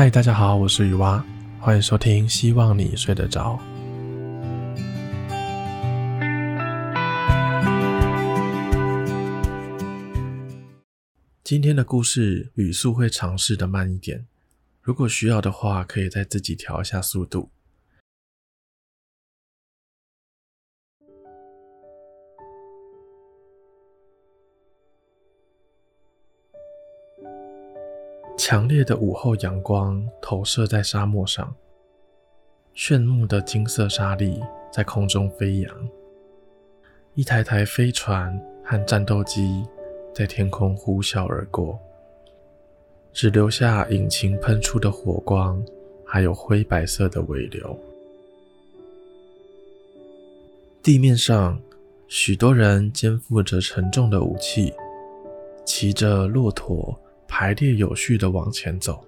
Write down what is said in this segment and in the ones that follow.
嗨，大家好，我是雨蛙，歡迎收聽。希望你睡得着。今天的故事語速會嘗試的慢一點，如果需要的話，可以再自己調一下速度。強烈的午後陽光投射在沙漠上，炫目的金色沙粒在空中飛揚。一台台飛船和戰鬥機在天空呼嘯而過，只留下引擎噴出的火光，還有灰白色的尾流。地面上，許多人肩負着沉重的武器，騎着駱駝，排列有序地往前走，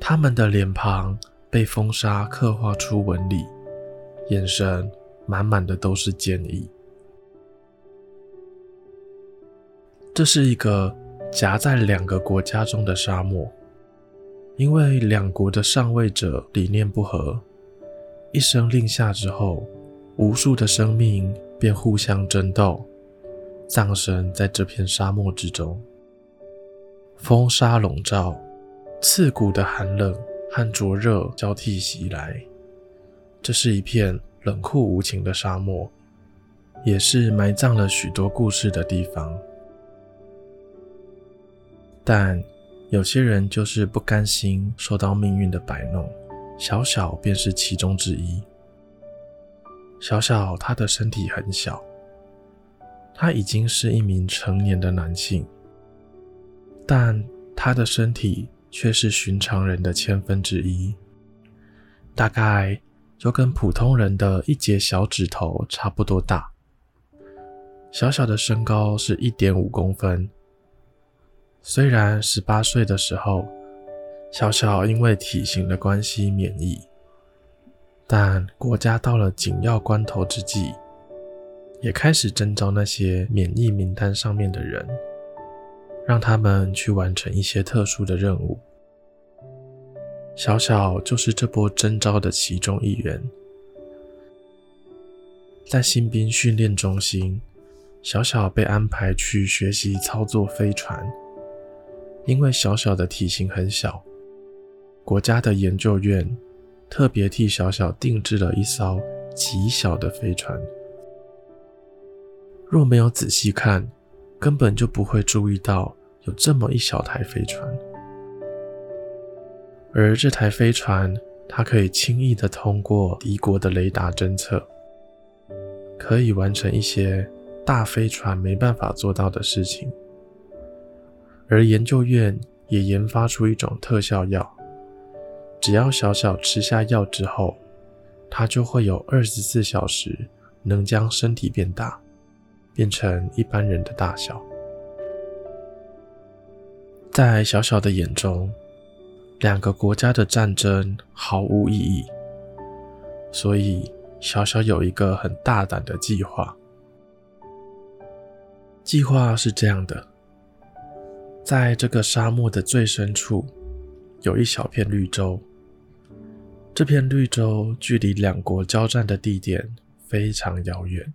他們的臉龐被風沙刻畫出紋理，眼神滿滿的都是堅毅。這是一個夾在兩個國家中的沙漠，因為兩國的上位者理念不合，一聲令下之後，無數的生命便互相爭鬥，葬身在這片沙漠之中。風沙籠罩，刺骨的寒冷和灼熱交替襲來。這是一片冷酷無情的沙漠，也是埋葬了許多故事的地方。但有些人就是不甘心受到命運的擺弄，小小便是其中之一。小小，他的身體很小，他已經是一名成年的男性。但他的身體卻是尋常人的千分之一，大概就跟普通人的一節小指頭差不多大。小小的身高是一點五公分。雖然十八歲的時候，小小因為體型的關係免役，但國家到了緊要關頭之際，也開始徵召那些免役名單上面的人。讓他們去完成一些特殊的任務。小小就是這波徵召的其中一員。在新兵訓練中心，小小被安排去學習操作飛船。因為小小的體型很小，國家的研究院特別替小小定制了一艘極小的飛船。若沒有仔細看，根本就不會注意到有這麼一小台飛船，而這台飛船它可以輕易的通過敵國的雷達偵測，可以完成一些大飛船沒辦法做到的事情。而研究院也研發出一種特效藥，只要小小吃下藥之後，它就會有二十四小時能將身體變大。變成一般人的大小。在小小的眼中，兩個國家的戰爭毫無意義。所以，小小有一個很大膽的計劃。計劃是這樣的，在這個沙漠的最深處，有一小片綠洲。這片綠洲距離兩國交戰的地點非常遙遠。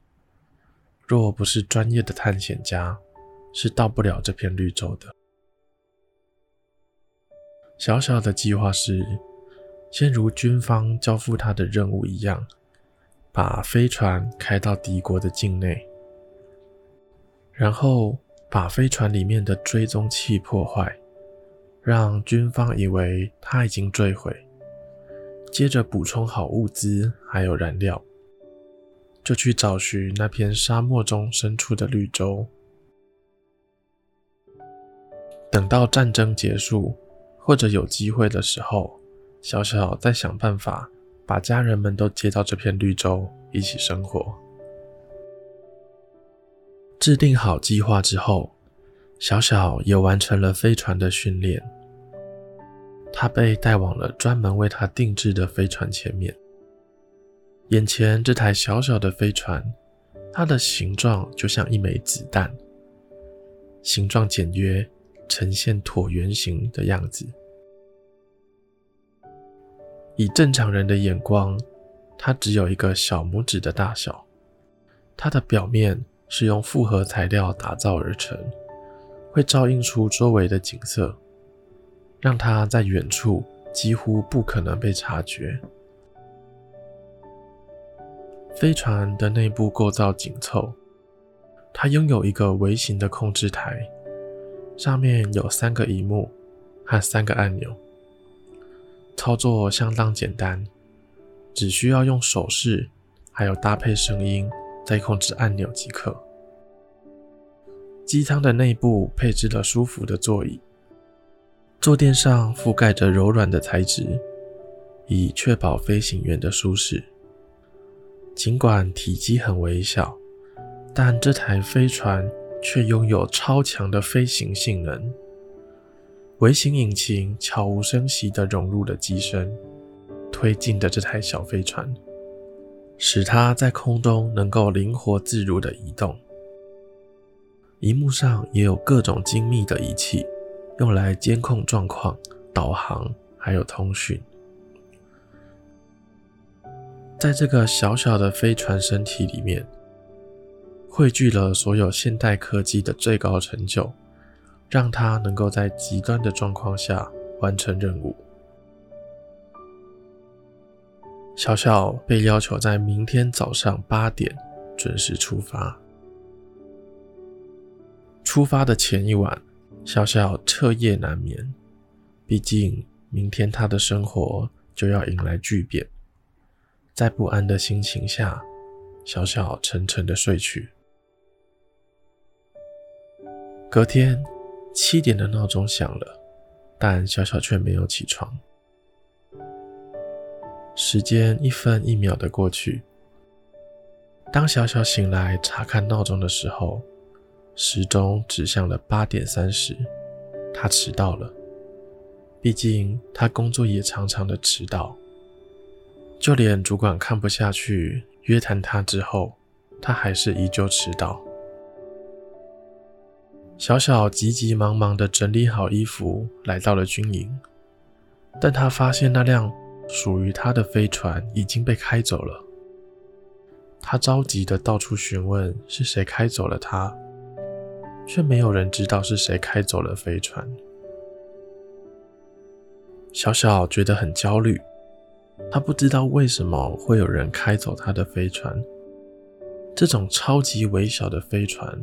若不是專業的探險家，是到不了這片綠洲的。小小的計劃是，先如軍方交付他的任務一樣，把飛船開到敵國的境內，然後把飛船裡面的追蹤器破壞，讓軍方以為他已經墜毀，接着補充好物資還有燃料。就去找尋那片沙漠中深處的綠洲。等到戰爭結束，或者有機會的時候，小小再想辦法把家人們都接到這片綠洲一起生活。制定好計劃之後，小小也完成了飛船的訓練。他被帶往了專門為他定制的飛船前面。眼前這台小小的飛船，它的形狀就像一枚子彈，形狀簡約，呈現橢圓形的樣子。以正常人的眼光，它只有一個小拇指的大小。它的表面是用複合材料打造而成，會照映出周圍的景色，讓它在遠處幾乎不可能被察覺。飛船的內部構造緊湊，它擁有一個微型的控制台，上面有三個熒幕和三個按鈕，操作相當簡單，只需要用手勢還有搭配聲音再控制按鈕即可。機艙的內部配置了舒服的座椅，坐墊上覆蓋着柔軟的材質，以確保飛行員的舒適。儘管體積很微小，但這台飛船卻擁有超強的飛行性能。微型引擎悄無聲息地融入了機身，推進的這台小飛船，使它在空中能夠靈活自如地移動。熒幕上也有各種精密的儀器，用來監控狀況、導航，還有通訊。在這個小小的飛船身體裡面，匯聚了所有現代科技的最高成就，讓他能夠在極端的狀況下完成任務。小小被要求在明天早上八點準時出發。出發的前一晚，小小徹夜難眠，畢竟明天他的生活就要迎來巨變。在不安的心情下，小小沉沉的睡去。隔天，七點的鬧鐘響了，但小小卻沒有起床。時間一分一秒的過去，當小小醒來查看鬧鐘的時候，時鐘指向了八點三十，他遲到了。畢竟他工作也常常的遲到。就連主管看不下去，約談他之後，他還是依舊遲到。小小急急忙忙地整理好衣服，來到了軍營，但他發現那輛屬於他的飛船已經被開走了。他着急地到處詢問是誰開走了他，卻沒有人知道是誰開走了飛船。小小覺得很焦慮。他不知道為什麼會有人開走他的飛船。這種超級微小的飛船，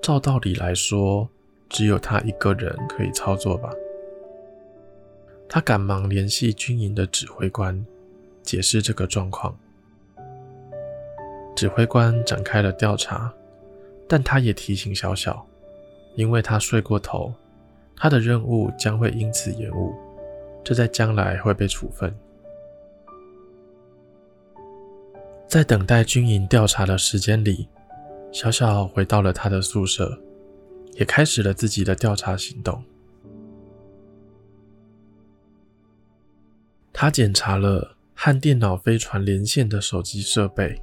照道理來說，只有他一個人可以操作吧？他趕忙聯繫軍營的指揮官，解釋這個狀況。指揮官展開了調查，但他也提醒小小，因為他睡過頭，他的任務將會因此延誤，這在將來會被處分。在等待軍營調查的時間裡，小小回到了他的宿舍，也開始了自己的調查行動。他檢查了和電腦飛船連線的手機設備，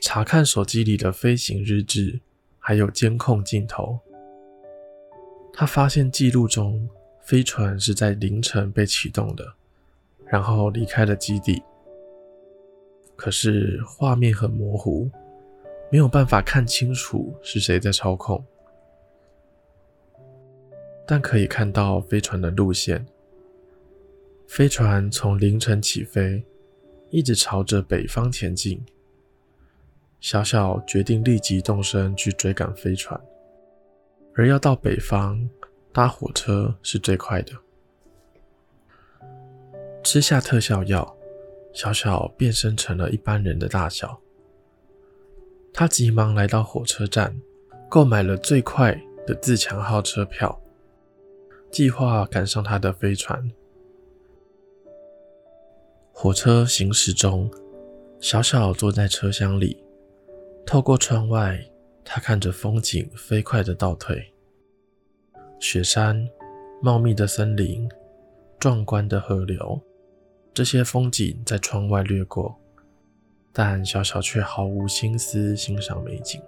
查看手機裡的飛行日誌，還有監控鏡頭。他發現記錄中飛船是在凌晨被啟動的，然後離開了基地。可是畫面很模糊，沒有辦法看清楚是誰在操控，但可以看到飛船的路線。飛船從凌晨起飛，一直朝着北方前進。小小決定立即動身去追趕飛船，而要到北方，搭火車是最快的。吃下特效藥。小小變身成了一般人的大小，他急忙來到火車站，購買了最快的自強號車票，計劃趕上他的飛船。火車行駛中，小小坐在車廂裡，透過窗外，他看着風景飛快的倒退，雪山、茂密的森林、壯觀的河流。這些風景在窗外掠過，但小小卻毫無心思欣賞美景。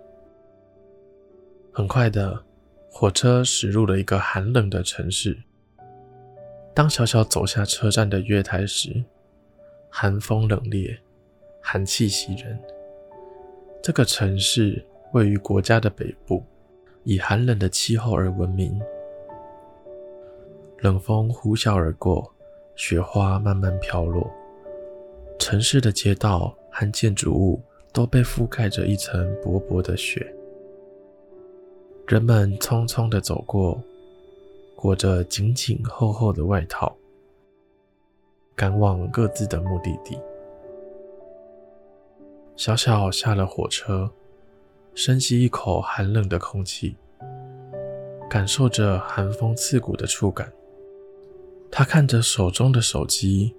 很快的，火車駛入了一個寒冷的城市。當小小走下車站的月台時，寒風冷冽，寒氣襲人。這個城市位於國家的北部，以寒冷的氣候而聞名。冷風呼嘯而過。雪花慢慢飄落，城市的街道和建築物都被覆蓋着一層薄薄的雪。人們匆匆地走過，裹着緊緊厚厚的外套，趕往各自的目的地。小小下了火車，深吸一口寒冷的空氣，感受着寒風刺骨的觸感。他看着手中的手機，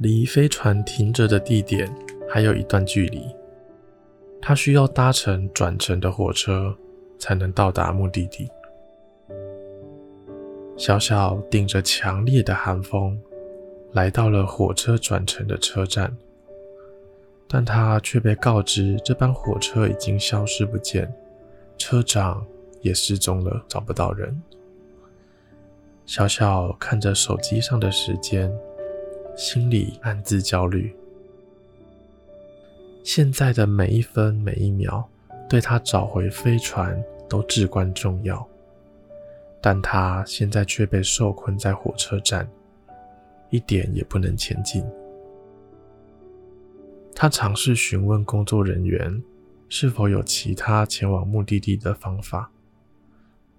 離飛船停着的地點還有一段距離。他需要搭乘轉乘的火車才能到達目的地。小小頂着強烈的寒風，來到了火車轉乘的車站，但他卻被告知這班火車已經消失不見，車長也失蹤了，找不到人。小小看着手機上的時間，心裡暗自焦慮。現在的每一分每一秒對他找回飛船都至關重要，但他現在卻被受困在火車站，一點也不能前進。他嘗試詢問工作人員是否有其他前往目的地的方法，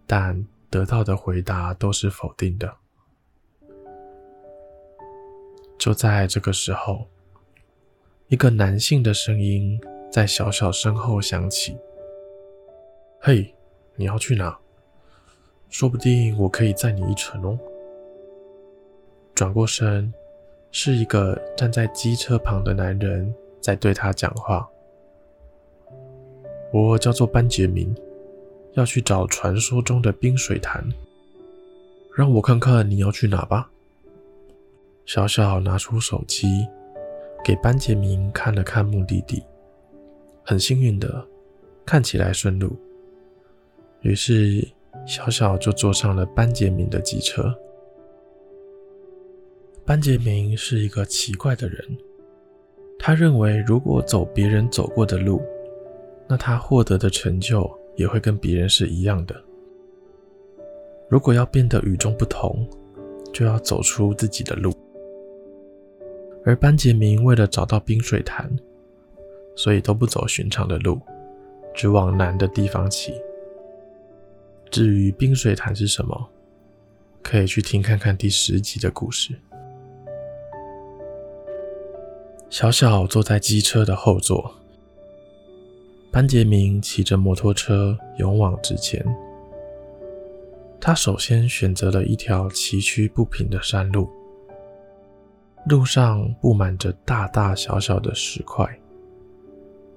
但。得到的回答都是否定的。就在這個時候，一個男性的聲音在小小身後響起：“嘿，你要去哪？說不定我可以載你一程哦。”轉過身，是一個站在機車旁的男人在對他講話：“我叫做班杰明。”要去找傳說中的冰水潭，讓我看看你要去哪吧。小小拿出手機，給班傑明看了看目的地，很幸運的看起來順路，於是小小就坐上了班傑明的機車。班傑明是一個奇怪的人，他認為如果走別人走過的路，那他獲得的成就，也會跟別人是一樣的。如果要變得與眾不同，就要走出自己的路。而班傑明為了找到冰水潭，所以都不走尋常的路，只往南的地方騎。至於冰水潭是什麼，可以去聽看看第十集的故事。小小坐在機車的後座。班杰明騎着摩托車勇往直前。他首先選擇了一條崎嶇不平的山路，路上佈滿着大大小小的石塊。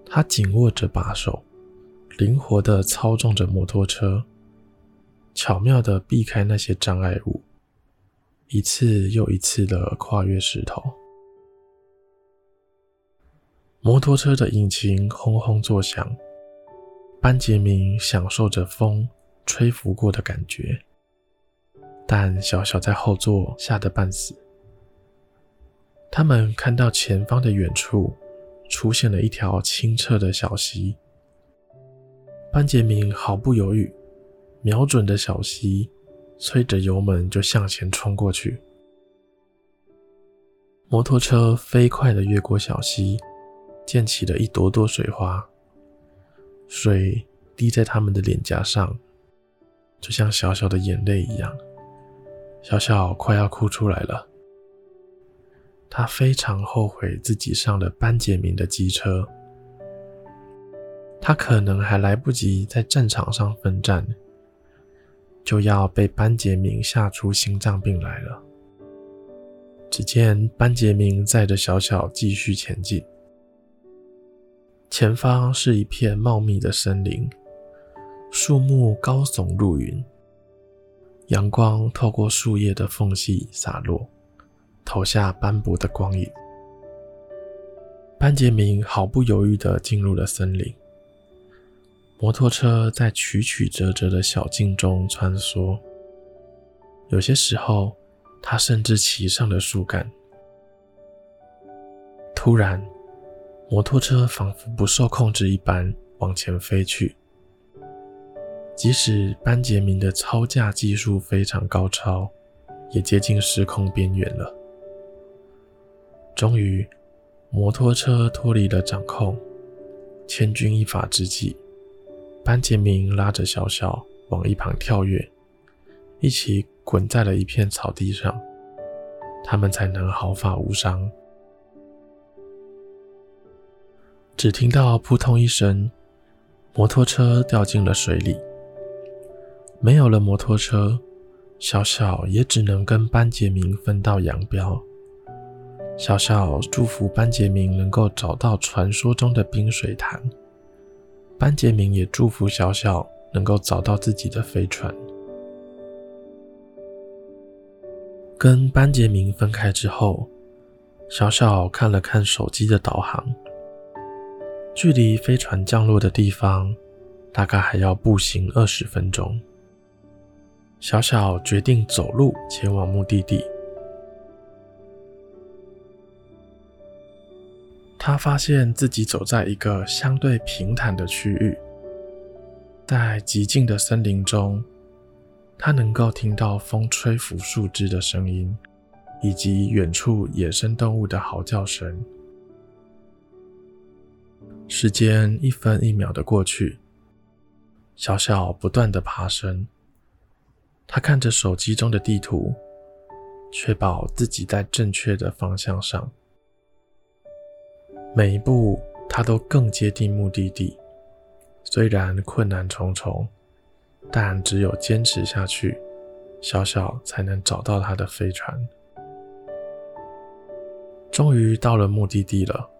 他緊握着把手，靈活地操縱着摩托車，巧妙地避開那些障礙物，一次又一次地跨越石頭。摩托車的引擎轟轟作響，班傑明享受着風吹拂過的感覺，但小小在後座嚇得半死。他們看到前方的遠處出現了一條清澈的小溪，班傑明毫不猶豫，瞄準着小溪，催着油門就向前衝過去。摩托車飛快地越過小溪。濺起了一朵朵水花，水滴在他們的臉頰上，就像小小的眼淚一樣。小小快要哭出來了，他非常後悔自己上了班杰明的機車，他可能還來不及在戰場上奮戰，就要被班杰明嚇出心臟病來了。只見班杰明載着小小繼續前進。前方是一片茂密的森林，樹木高聳入雲，陽光透過樹葉的縫隙灑落，投下斑駁的光影。班杰明毫不猶豫地進入了森林，摩托車在曲曲折折的小徑中穿梭，有些時候他甚至騎上了樹幹。突然。摩托車仿佛不受控制一般往前飛去，即使班傑明的操駕技術非常高超，也接近失控邊緣了。終於，摩托車脫離了掌控，千鈞一髮之際，班傑明拉着小小往一旁跳躍，一起滾在了一片草地上，他們才能毫髮無傷。只聽到撲通一聲，摩托車掉進了水裡。沒有了摩托車，小小也只能跟班傑明分道揚鑣。小小祝福班傑明能夠找到傳說中的冰水潭，班傑明也祝福小小能夠找到自己的飛船。跟班傑明分開之後，小小看了看手機的導航。距離飛船降落的地方，大概還要步行二十分鐘。小小決定走路前往目的地。他發現自己走在一個相對平坦的區域，在寂靜的森林中，他能夠聽到風吹拂樹枝的聲音，以及遠處野生動物的嚎叫聲。時間一分一秒的過去，小小不斷的爬升。他看着手機中的地圖，確保自己在正確的方向上。每一步，他都更接近目的地。雖然困難重重，但只有堅持下去，小小才能找到他的飛船。終於到了目的地了。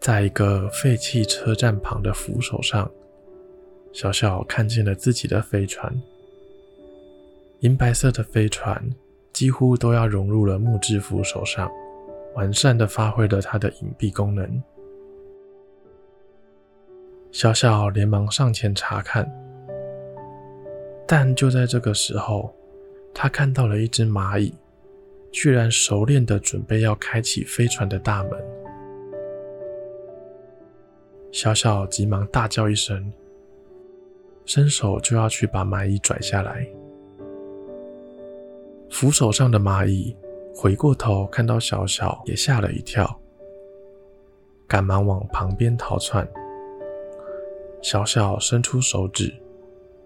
在一個廢棄車站旁的扶手上，小小看見了自己的飛船。銀白色的飛船幾乎都要融入了木質扶手上，完善的發揮了它的隱蔽功能。小小連忙上前查看，但就在這個時候，他看到了一只螞蟻，居然熟練的準備要開啟飛船的大門。小小急忙大叫一聲，伸手就要去把螞蟻拽下來。扶手上的螞蟻回過頭，看到小小，也嚇了一跳，趕忙往旁邊逃竄。小小伸出手指，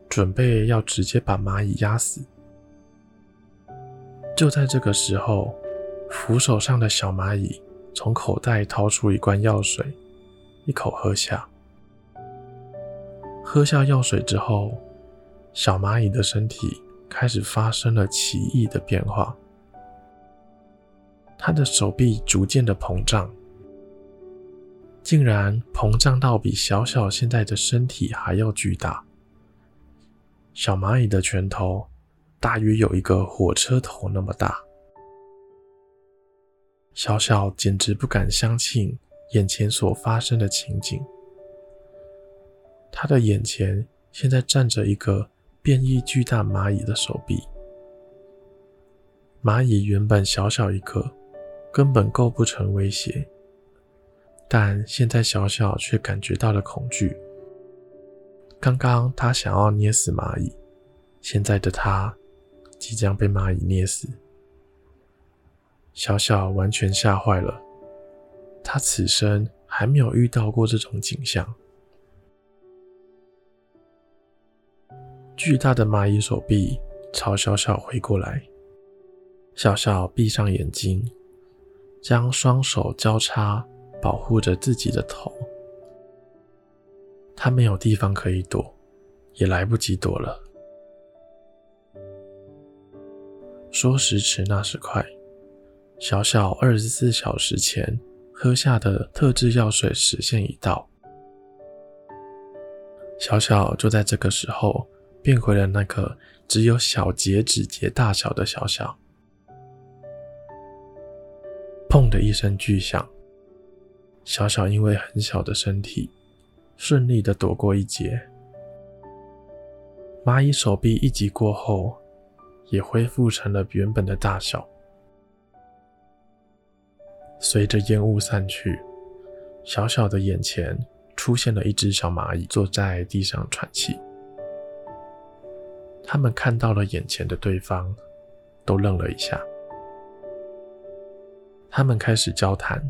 準備要直接把螞蟻壓死。就在這個時候，扶手上的小螞蟻從口袋掏出一罐藥水。一口喝下，喝下藥水之後，小螞蟻的身體開始發生了奇異的變化。它的手臂逐漸的膨脹，竟然膨脹到比小小現在的身體還要巨大。小螞蟻的拳頭大約有一個火車頭那麼大，小小簡直不敢相信。眼前所發生的情景，他的眼前現在站着一個變異巨大螞蟻的手臂。螞蟻原本小小一顆，根本構不成威脅，但現在小小卻感覺到了恐懼。剛剛他想要捏死螞蟻，現在的他即將被螞蟻捏死，小小完全嚇壞了。他此生還沒有遇到過這種景象。巨大的螞蟻手臂朝小小揮過來，小小閉上眼睛，將雙手交叉保護着自己的頭。他沒有地方可以躲，也來不及躲了。說時遲，那時快，小小二十四小時前喝下的特製藥水時限已到，小小就在這個時候變回了那個只有小節指節大小的小小。砰的一聲巨響，小小因為很小的身體，順利的躲過一劫。螞蟻手臂一擊過後，也恢復成了原本的大小。隨着煙霧散去，小小的眼前出現了一隻小螞蟻坐在地上喘氣。他們看到了眼前的對方，都愣了一下。他們開始交談，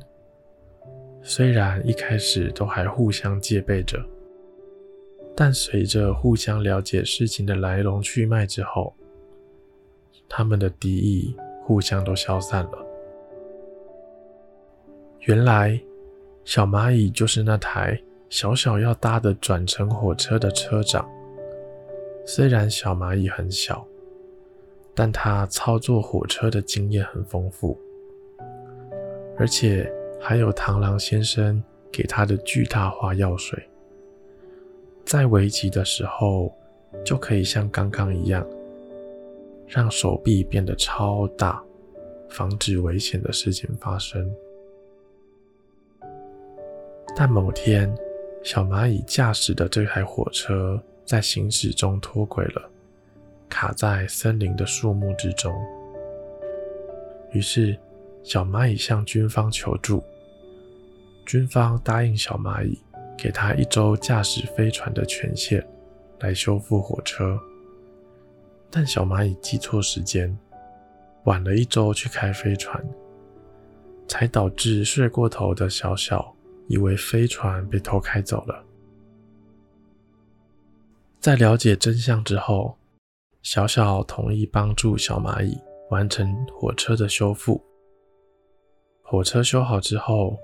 雖然一開始都還互相戒備着，但隨着互相了解事情的來龍去脈之後，他們的敵意互相都消散了。原來，小螞蟻就是那台小小要搭的轉乘火車的車長。雖然小螞蟻很小，但他操作火車的經驗很豐富，而且還有螳螂先生給他的巨大化藥水，在危急的時候就可以像剛剛一樣，讓手臂變得超大，防止危險的事情發生。但某天，小螞蟻駕駛的這台火車在行駛中脫軌了，卡在森林的樹木之中。於是，小螞蟻向軍方求助，軍方答應小螞蟻給他一周駕駛飛船的權限，來修復火車。但小螞蟻記錯時間，晚了一周去開飛船，才導致睡過頭的小小。以為飛船被偷開走了。在了解真相之後，小小同意幫助小螞蟻完成火車的修復。火車修好之後，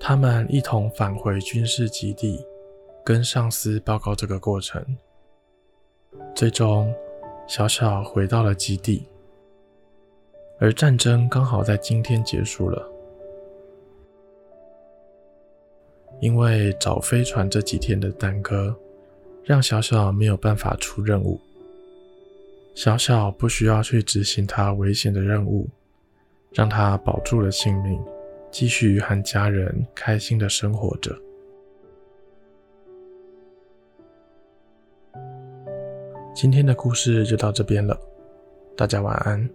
他們一同返回軍事基地，跟上司報告這個過程。最終，小小回到了基地。而戰爭剛好在今天結束了。因為找飛船這幾天的耽擱，讓小小沒有辦法出任務。小小不需要去執行他危險的任務，讓他保住了性命，繼續和家人開心的生活着。今天的故事就到這邊了，大家晚安。